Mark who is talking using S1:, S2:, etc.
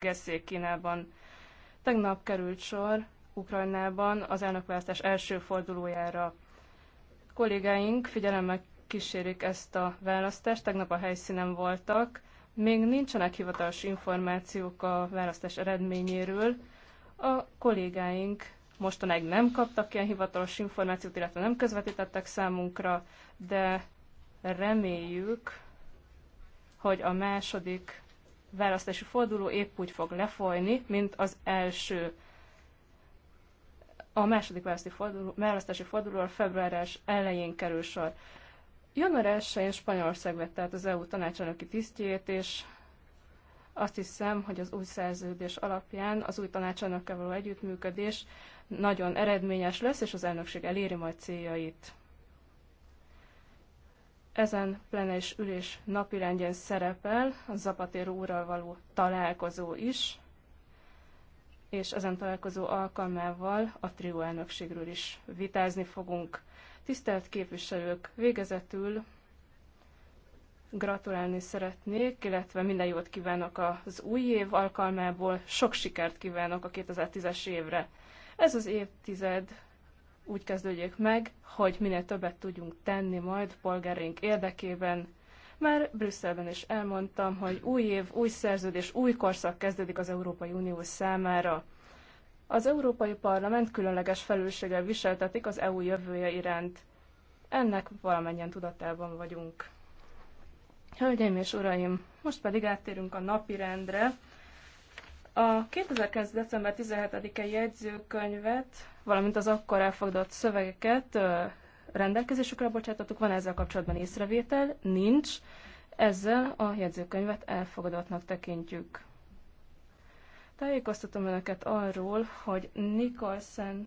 S1: Gesszék Kínában. Tegnap került sor Ukrajnában az elnökválasztás első fordulójára. Kollégáink figyelemmel kísérik ezt a választást, tegnap a helyszínen voltak. Még nincsenek hivatalos információk a választás eredményéről. A kollégáink mostanáig nem kaptak ilyen hivatalos információt, illetve nem közvetítettek számunkra, de reméljük, hogy a második választási forduló épp úgy fog lefolyni, mint az első. A második választási forduló, választási forduló a február elején kerül sor. Január 1-én Spanyolország vette át az EU tanácselnöki tisztjét, és azt hiszem, hogy az új szerződés alapján az új tanácselnökkel való együttműködés nagyon eredményes lesz, és az elnökség eléri majd céljait ezen plenes ülés napirendjén szerepel a Zapatér úrral való találkozó is, és ezen találkozó alkalmával a trió elnökségről is vitázni fogunk. Tisztelt képviselők, végezetül gratulálni szeretnék, illetve minden jót kívánok az új év alkalmából, sok sikert kívánok a 2010-es évre. Ez az évtized úgy kezdődjék meg, hogy minél többet tudjunk tenni majd polgárink érdekében. Már Brüsszelben is elmondtam, hogy új év, új szerződés, új korszak kezdődik az Európai Unió számára. Az Európai Parlament különleges felelősséggel viseltetik az EU jövője iránt. Ennek valamennyien tudatában vagyunk. Hölgyeim és uraim, most pedig áttérünk a napi rendre. A 2009. december 17-i jegyzőkönyvet, valamint az akkor elfogadott szövegeket rendelkezésükre bocsátottuk. Van ezzel kapcsolatban észrevétel? Nincs. Ezzel a jegyzőkönyvet elfogadottnak tekintjük. Tájékoztatom Önöket arról, hogy Nicholson